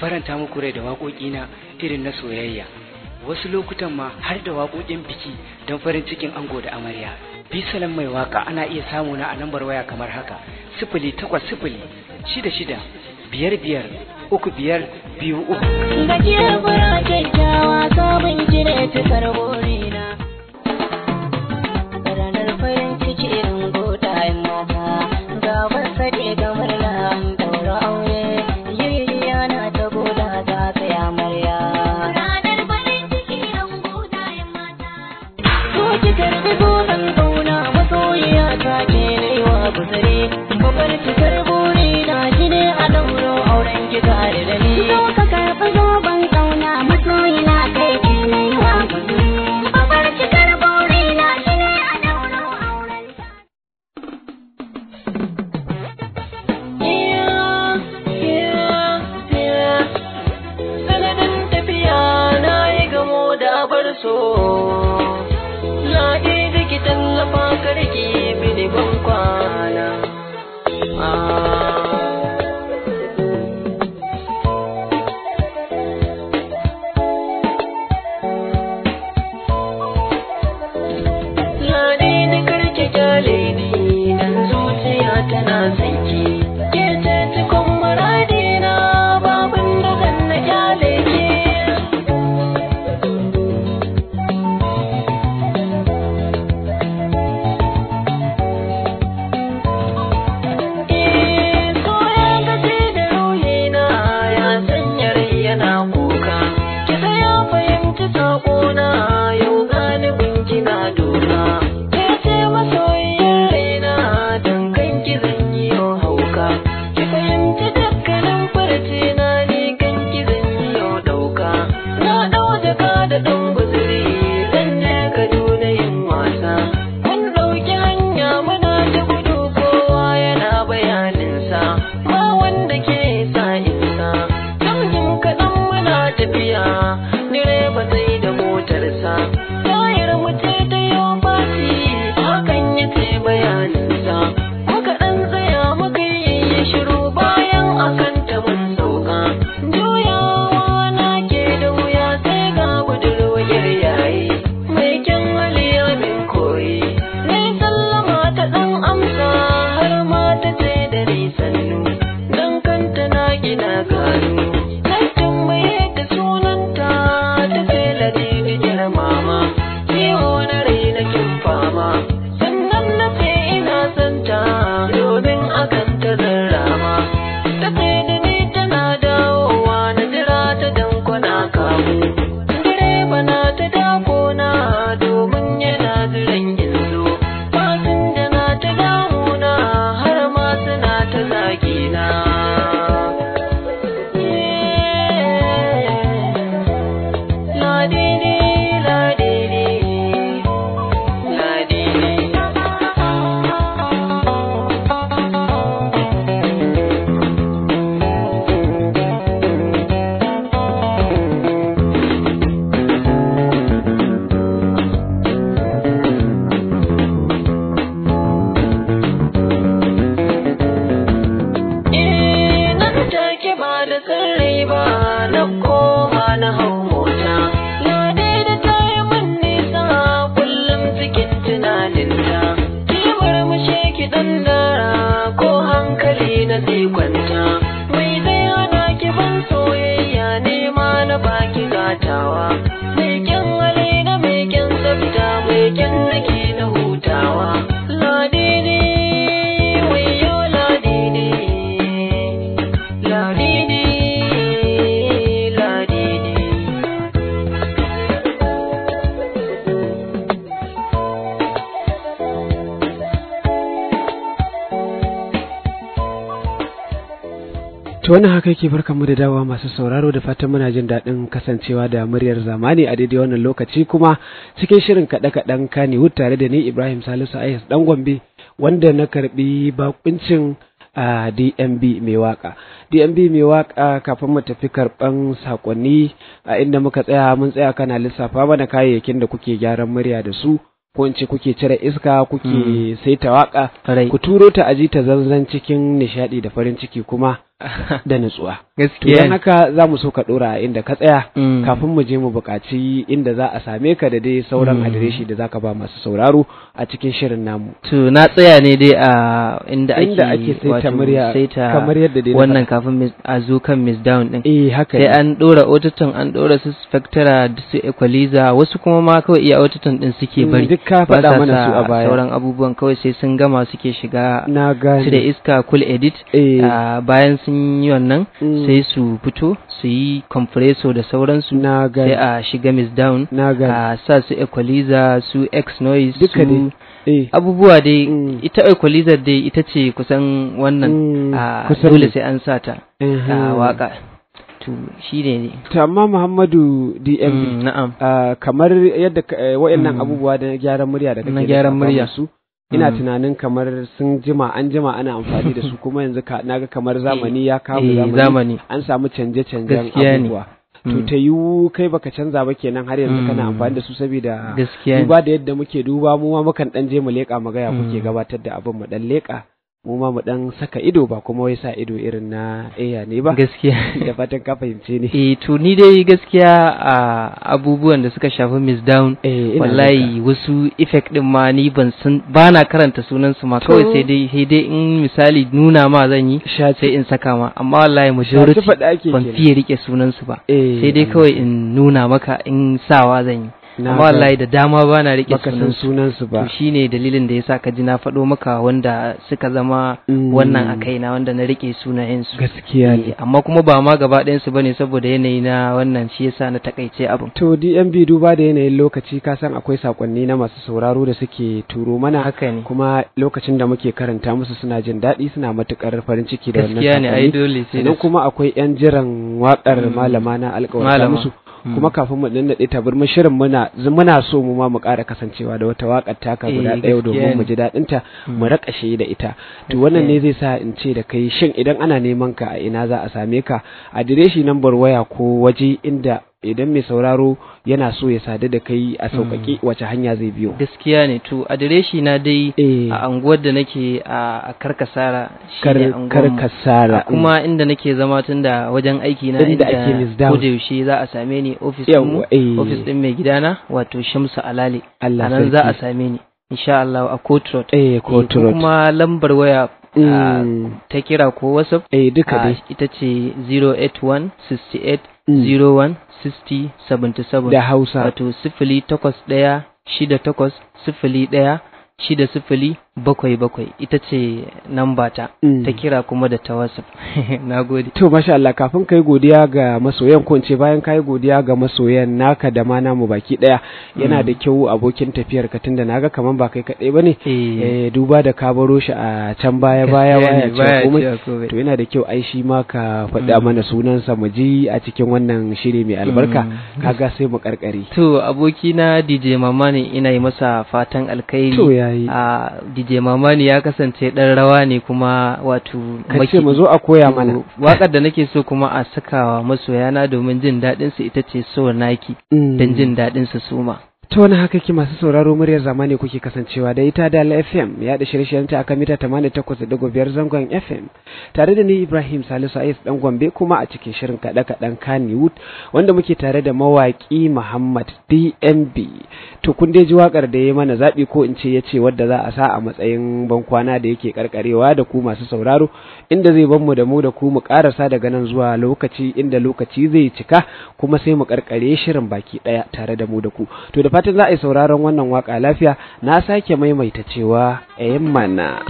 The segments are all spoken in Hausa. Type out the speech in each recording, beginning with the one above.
faranta muku rai da waƙoƙi na irin na soyayya wasu lokutan ma har da waƙoƙin biki don farin cikin ango da amarya bisalan mai waka ana iya samu na a lambar waya kamar haka sifili takwas sifili shida shida biyar biyar uku biyar biyu uku. Gajiyar bura kyakkyawa sabon jire cikar gorina. Ranar farin ciki irin godayen mata, gaban sadiga の To wannan haka yake barkanmu da dawa masu sauraro da fatan muna jin daɗin kasancewa da muryar zamani a daidai wannan lokaci kuma cikin shirin kaɗe-kaɗen wut tare da ni Ibrahim Salisu Ayas ɗan Gombe wanda na karɓi bakuncin a DMB mai waka. DMB mai waka kafin mu tafi karɓan sakonni a inda muka tsaya mun tsaya kana lissafa mana kayayyakin da kuke gyaran murya da su. ko in kuke cire iska kuke hmm. saita waka ku turo ta aji ta zanzan cikin nishaɗi da farin ciki kuma da nutsuwa gaskiya don haka za mu so ka dora inda ka tsaya mm. kafin mu je mu buƙaci inda za a same ka da dai sauran mm. adireshi da za ka ba masu sauraro a cikin shirin namu to na tsaya ne dai a inda ake inda ake saita murya kamar yadda dai wannan kafin a zo kan miss down din eh haka sai an dora ototon an dora su spectra da su equalizer wasu kuma ma kawai iya ototon din suke mm, bari duk ka faɗa mana su a baya sauran abubuwan kawai sai sun gama suke shiga Na su da iska cool edit eh. ah, bayan sun yi wannan mm. sai su fito su yi compresso da sauransu sai a shiga miss down a sa su equalizer su x noise su eh. abubuwa dai mm. ita equalizer dai ita ce kusan wannan mm. a dole sai an sa ta a waka shi ne ne to amma muhammadu dm na'am kamar yadda eh, waɗannan abubuwa da gyaran murya da kake na gyaran murya su ina mm. tunanin kamar sun jima an jima ana amfani da su kuma yanzu naga kamar zamani ya kawo eh, zamani an samu canje-canjen abubuwa to mm. ta yiwu kai baka canza ba kenan har yanzu kana mm. amfani da su saboda duba da yadda muke duba mu ma mukan dan je mu leka mu gaya kuke gabatar da abin mu dan leka mu ma mu dan saka ido ba kuma wai sa ido irin na iya ne ba gaskiya da fatan ka fahimce ni eh to ni dai gaskiya a abubuwan da suka shafi Miss Down eh, wallahi wasu effect din ma ni ban san ba na karanta sunan su ma kawai sai dai sai dai in misali nuna ma zan yi sai in saka ma amma wallahi majority ban fiye rike sunan su ba eh, sai dai kawai in nuna maka in sawa zan yi amma wallahi da dama ba na rike sunan su ba shine dalilin da yasa ka ji na faɗo maka wanda suka zama mm. wannan a kaina wanda na rike sunayen su gaskiya ne eh, amma kuma ba ma gaba ɗayan su bane saboda yanayi na wannan shi yasa na takaice abin to DMB duba da yanayin lokaci ka san akwai sakonni na masu sauraro da suke turo mana haka ne kuma lokacin da muke karanta musu suna jin daɗi suna matukar farin ciki da wannan gaskiya ne ai dole sai kuma akwai yan jiran waƙar mm. malama na alƙawarta musu kuma hmm. kafin mu nannade mun shirin muna muna so mu ma mu ƙara kasancewa da wata waƙar taka eh, guda ɗaya domin mu ji daɗin ta mu hmm. shi da ita to wannan ne zai sa in ce da kai shin idan ana neman ka a ina za a same ka adireshi number waya ko waje inda idan mai sauraro yana so ya sadu da kai a hmm. sauƙaƙe wace hanya zai biyo gaskiya ne to adireshi na dai eh. a anguwar da nake a karkasara karkasara kuma mm. inda nake zama tun da wajen aiki na inda ake yaushe za a same ni ofis mu eh. ofis din mai gidana wato Shamsu Alale anan za a same ni insha Allah a road eh, eh road kuma lambar waya hmm. ta kira ko WhatsApp eh duka dai ita ce 081 68 01 60 77 da Hausa wato sifili takwas ɗaya shida takwas sifili ɗaya shida sifili bakwai bakwai ita ce namba ta mm. ta kira kuma da ta na gode to masha Allah kafin kai godiya ga masoyan ko ce bayan kai godiya ga masoyan naka da ma namu baki daya yana mm. da kyau abokin tafiyar ka tunda naga kaman ba kai kadai bane eh. eh duba da ka baro shi a can baya baya baya ce komai to yana da kyau ai shi ma ka faɗa mm. mana sunan sa mu ji a cikin wannan shiri mai albarka kaga sai mu karkare to aboki na DJ Mamani ina yi masa fatan alkhairi to yayi a je Mamani ya kasance ɗan rawa ne kuma wato mu zo a koya mana wakar da nake so kuma a sakawa masoyana domin jin daɗinsu ita ce so naki mm. don jin daɗin su suma ta wani haka ki masu sauraro muryar zamani kuke kasancewa da ita da FM ya da shirye ta akan mita 88.5 zangon FM tare da ni Ibrahim Salisu Ais dan Gombe kuma a cikin shirin kada kadan Kannywood wanda muke tare da mawaki Muhammad DMB to kun dai ji wakar da ya mana zabi ko in ce ya ce wadda za a sa a matsayin bankwana da yake karkarewa da ku masu sauraro inda zai ban mu da mu da ku mu karasa daga nan zuwa lokaci inda lokaci zai cika kuma sai mu karkare shirin baki ɗaya tare da mu da ku to da fatan za a yi sauraron wannan waka lafiya na sake maimaita cewa a eh, mana.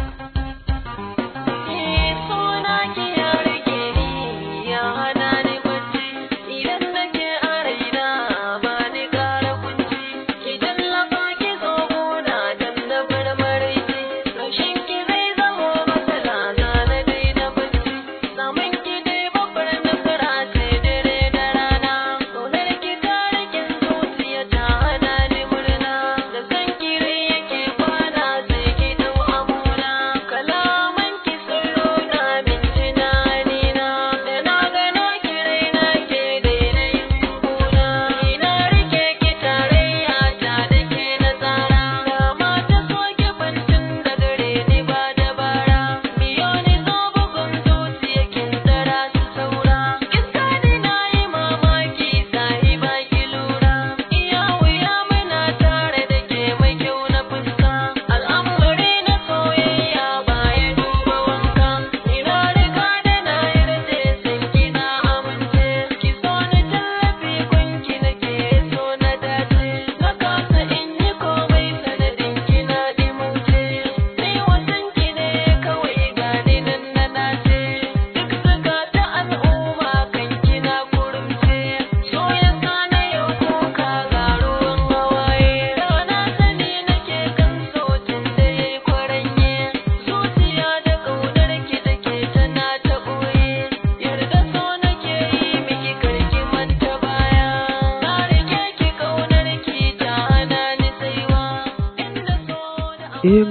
Eh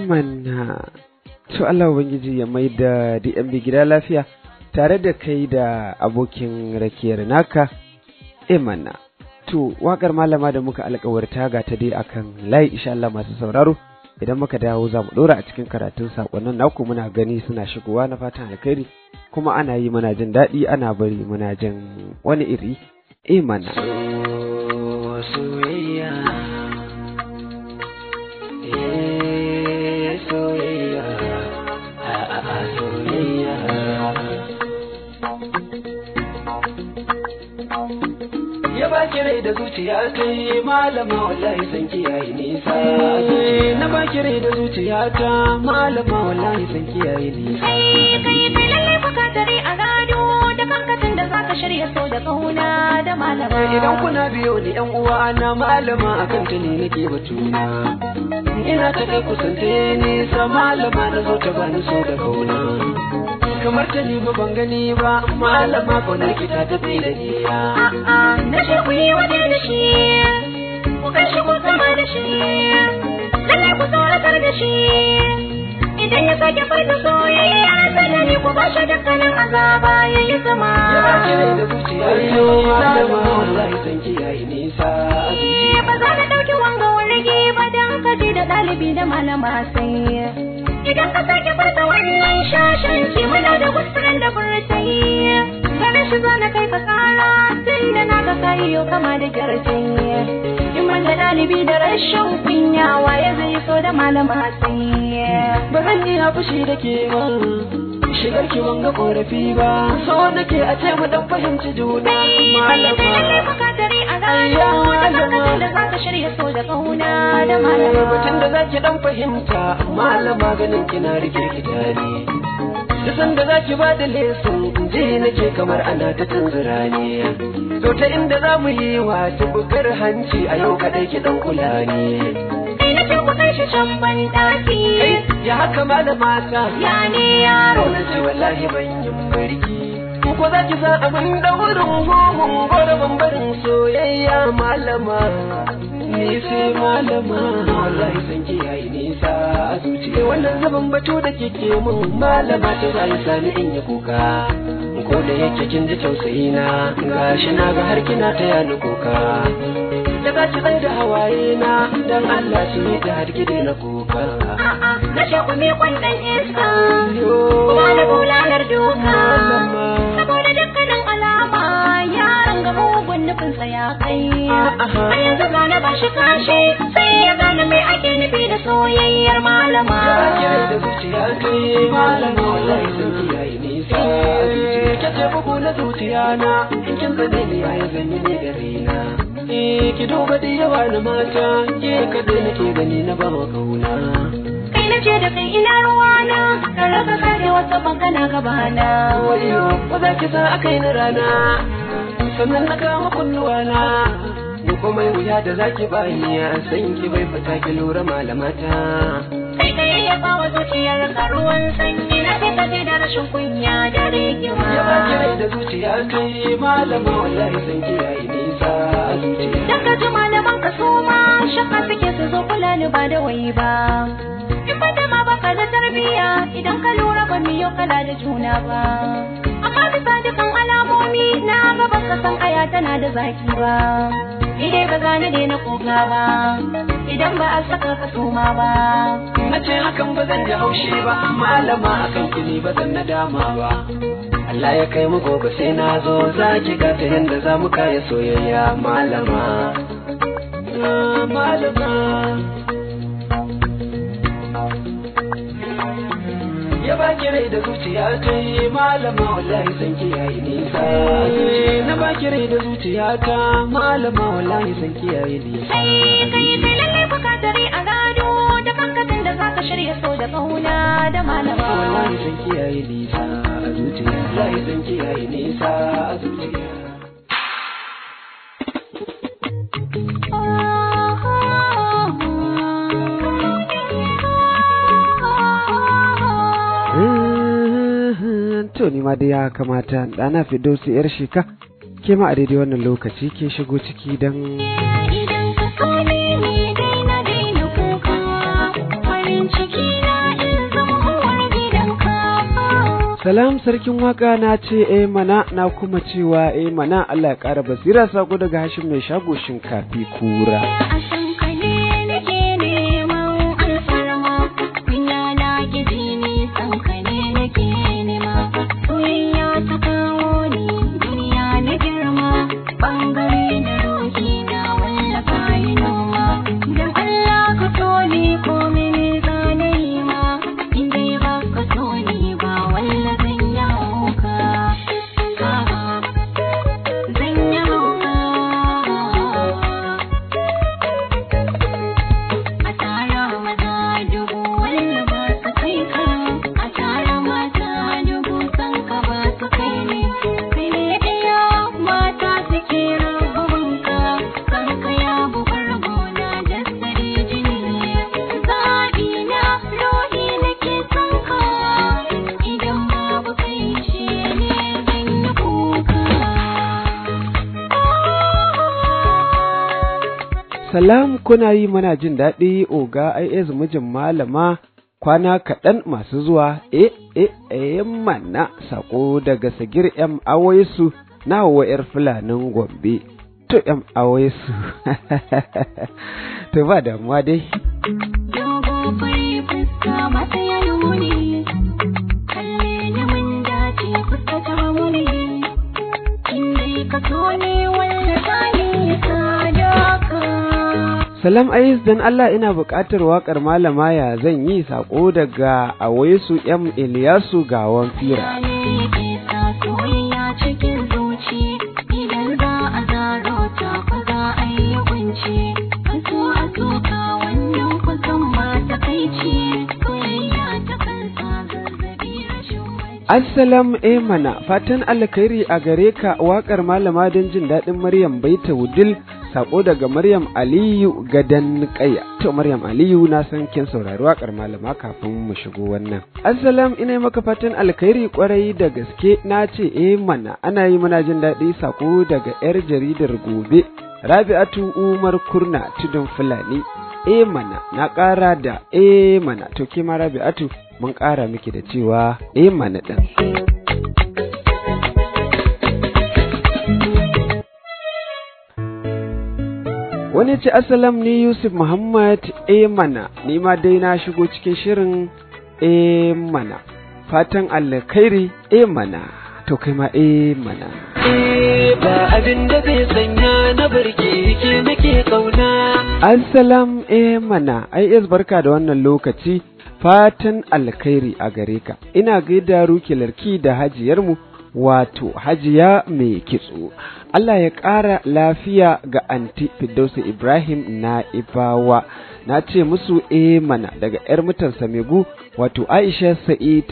to Allah Ubangiji ya mai da DMB gida lafiya tare da kai da abokin rakiyar naka, eh To, waƙar malama da muka alkawarta ga ta dai akan layi insha Allah masu sauraro, idan muka dawo za mu ɗora a cikin karatun saƙonnin naku muna gani suna shigowa na fatan alkhairi, kuma ana yi muna jin daɗi ana bari muna jin wani iri, eh mana. Soyayya. ya baki rai da zuciya sai malama wallahi san kiyaye nisa na baki rai da zuciya ta malama wallahi san kiyaye nisa kai kai lalle baka tare a rado da kankacin da zaka shirya so da kauna da malama idan kuna biyo ni yan uwa na malama akan ta ne nake batuna ina ta kai kusance nisa malama na zo ta bani so da kauna kamar ta ba ban gani ba malama na ki ta tafi da ya na shi ku yi waje da shi ku kai shi ku zama da shi lalle ku tsoratar da shi idan ya sake farka soyayya ni ku ba shi dukkanin azaba ya yi sama ya ba ki da zuciya yau malama wallahi san kiyaye yayi nisa ba za ka dauki wanga wani ba dan ka da dalibi da malama sai idan ka sake furta wannan Ke muna da kuskuren da furtai gare shi zo na kai ka kara tun da na ga kayi kama da kyarcin in da ɗalibi da rashin kunyawa ya zai so da malama sanye ba iya fushi da ke ba shigar ki wanga korafi ba so ke a ce mu dan fahimci juna malama Ayyawa da za ka shirya so da kauna da malama. Rubutun da za ki dan fahimta malama ganin kina rike kitani da sanda za ki ba da lesin je nake kamar ana ta tanzura ne to ta inda za mu yi ta bukar hanci a yau kaɗai ki dan kula ne ce ku kai shi can ban Ya haka da mata. Ya ne yaro. Na ce ko za ki sa abin daurin hohon gwada bambarin barin soyayya malama. ni sai malama wallahi san ki nisa a zuciya wannan zaban bato da ke mun malama ta rayu sani in ya kuka ko da yake kin ji tausayi na gashi na ga har kina ta yana kuka da za ki da hawaye na dan Allah su ne da har gidi na kuka na ku me kwan iska kuma da bulalar duka kashi kashi sai ya gane mai ake nufi da soyayyar malama kace bugu na zuciya na in kin zane ni yayi zanyi ne gare na eh ki duba da yawa na mata ke kadai nake gani na ba kauna kai na ce da kai ina ruwa na ka rasa kare wata magana gaba na Wani ko za ki sa akai na rana sannan na kama kunnuwa na Ku komai wuya da zaki bani ya san ki bai fata ki lura malamata. Sai ka yayyafa wa zuciyar ka ruwan sanyi na sai ka da rashin kunya da rigima. Ya ba ki da zuciya kai malama wallahi san ki yayi nisa zuciya. Dan ka ji malaman ka su ma shakka suke su zo kula ni ba da wai ba. In ba ma baka da tarbiyya idan ka lura ba mu kala da juna ba. Amma bisa dukan alamomi na ga ka san aya tana da zaki ba. ni dai ba gane dai na koga ba idan ba a saka ka suma ba na ce hakan ba zan ji haushi ba malama kan kuni ba zan na dama ba Allah ya kai mu gobe sai na zo za ki ga ta yanda za mu kaya soyayya malama malama ya ba ki rai da zuciya ta yi malama wallahi san ki yayi nisa kire da zuciyata malama wallahi san kiyaye ni ai kai ne lalle bukatari a gado da kankatin da zaka shirya so da kauna da malama wallahi san kiyaye ni a zuciya wallahi san kiyaye ni a zuciya eh, to ni ma dai ya kamata ɗana fido su 'yar shika ke ma a daidai wannan lokaci ke shigo ciki don Salam sarkin waka na ce eh mana na kuma cewa eh mana Allah ya ƙara basira sako daga Hashim mai shago shinkafi kura. salam kuna yi mana jin daɗi oga is mijin malama kwana kaɗan masu zuwa e e e mana sako daga sagir yan awaisu na hawa fulanin gombe to yan awaisu to ba damuwa dai ka so ne wanda ka ne ka Salam Ais don Allah ina buƙatar waƙar malama ya zan yi saƙo daga waisu M. Iliyasu Gawan Fira. Assalam e mana fatan alkhairi a gare ka waƙar malama don jin daɗin Maryam Baita Wudil sako daga Maryam Aliyu gadan kaya. To Maryam Aliyu na san kin saurari wakar malama kafin mu shigo wannan. Assalam ina maka fatan alkhairi kwarai da gaske na ce eh mana ana yi mana jin daɗi sako daga yar jaridar gobe. Rabi'atu Umar Kurna tudun Fulani. Eh mana na ƙara da eh mana to ke ma Rabi'atu mun ƙara miki da cewa eh mana ɗin. wani ce asalam ni yusuf muhammad e mana ni ma dai na shigo cikin shirin e mana fatan alkhairi e mana to kai ma e mana ba abin da zai sanya na barke ke nake kauna e mana ai iya barka da wannan lokaci fatan alkhairi a gare ka ina gaida rukilarki da hajiyarmu wato hajiya mai kitso Allah ya ƙara lafiya ga anti Firdausi Ibrahim na Ibawa na ce musu e mana daga 'yar mutan Samegu wato Aisha Sa'id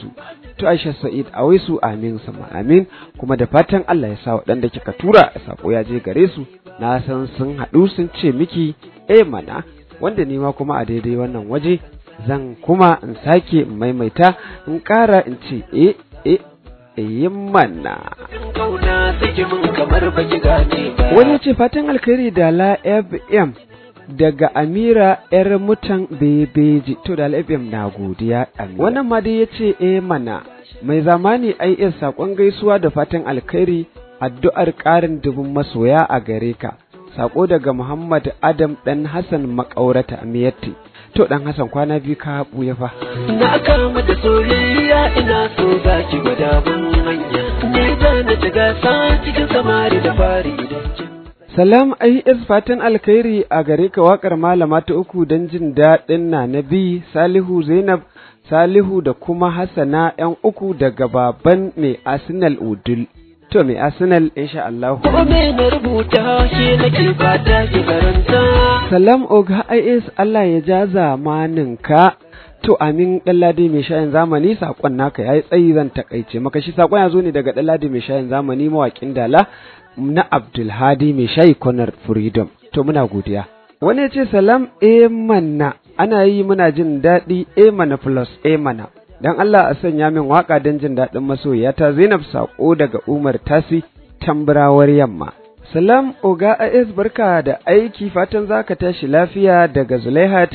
su. to Aisha Sa'id su amin sama amin kuma da fatan Allah ya sa waɗanda kika tura sako ya je gare su na san sun haɗu sun ce miki e mana wanda ni kuma a daidai wannan waje zan kuma in sake maimaita in ƙara in ce e e yin manna. Wani ce fatan alkhairi da la FM daga Amira ‘yar mutan bebeji, to da la FM na godiya Amira. Wannan ma dai ya ce e mana, mai zamani ai iya saƙon gaisuwa da fatan alkhairi addu'ar ƙarin dubun masoya a gare ka. Saƙo daga Muhammad Adam ɗan Hassan makaurata Amiyatti. To dan Hassan kwana biyu ka buya fa. Na kama da soyayya ina so ga ki gwada mun manya Ni da na san cikin samari da fari Salam IS fatan alkhairi a gare ka wakar malama ta uku don jin daɗin na nabi Salihu Zainab Salihu da kuma Hassana ‘yan uku daga baban mai Arsenal Udul. To mai Arsenal in insha Allah. Salam Oga IS Allah ya ja zamanin ka To amin ɗanladi mai shayin zamani sakon naka ya yi tsayi zan takaice maka shi saƙon ya zo ne daga ɗanladi mai shayin zamani mawaƙin dala na Abdulhadi mai shayi Konar Freedom. To muna godiya. Wani ya ce salam e mana ana yi muna jin daɗi e mana plus e mana. dan Allah a sanya min waka don jin daɗin masoyata Zainab Sako daga Umar Tasi tamburawar yamma. Salam Oga AS barka da aiki fatan za ka tashi lafiya daga Zulaihat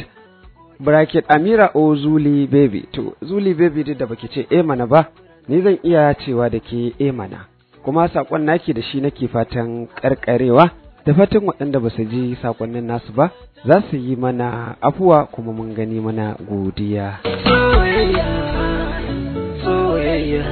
bracket Amira o Zuli Baby. To, Zuli Baby da baki ce e mana ba, ni zan iya cewa da ke e mana. Kuma saƙon naki da shi nake fatan ƙarƙarewa, da fatan waɗanda ba su ji saƙonnin nasu ba, za su yi mana afuwa kuma mun gani mana godiya. soyayya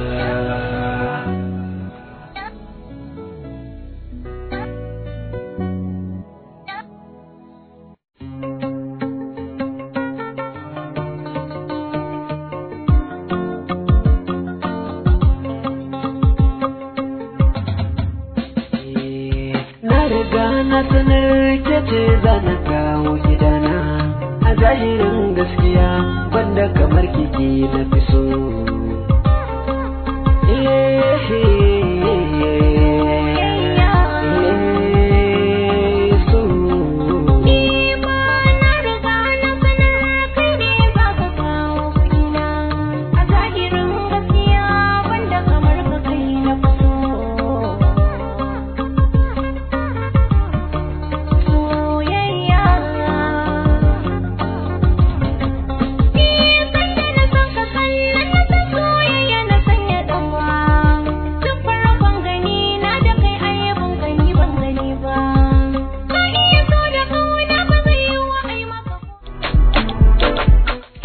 na sanar ke ce za na kawo gidana a zahirin gaskiya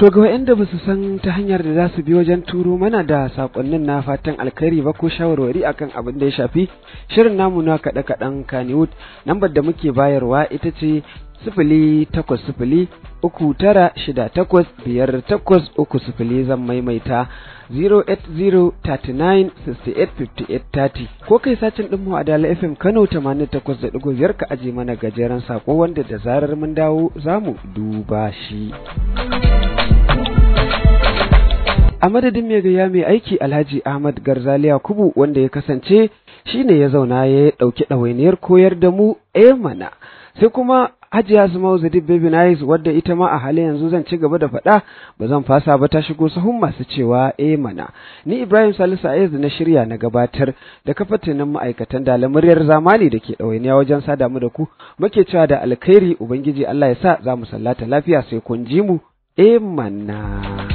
To ga waɗanda ba su san ta hanyar da za su bi wajen turo mana da sakonnin na fatan alkhairi ba ko shawarwari akan abin da ya shafi shirin namu na kaɗe kaɗan kanewood lambar da muke bayarwa ita ce sifili takwas sifili uku tara shida takwas biyar takwas uku sifili zan maimaita 08039685830 ko kai sacin ɗinmu a Dala FM Kano 88.5 ka aje mana gajeren sako wanda da zarar mun dawo za mu duba shi. a madadin mai gaya mai aiki alhaji ahmad garzaliya kubu wanda ya kasance shi ne ya zauna ya ɗauki ɗawainiyar koyar da mu eh mana sai kuma hajiya sumau zadib baby nice wadda ita ma a halin yanzu zan ci gaba da faɗa ba zan fasa ba ta shigo sahun masu cewa eh mana ni ibrahim salisu ayaz na shirya na gabatar da kafatanin ma'aikatan da lamuriyar zamani da ke ɗawainiya wajen sada mu da ku muke cewa da alkhairi ubangiji allah ya sa za mu sallata lafiya sai kun ji mu eh mana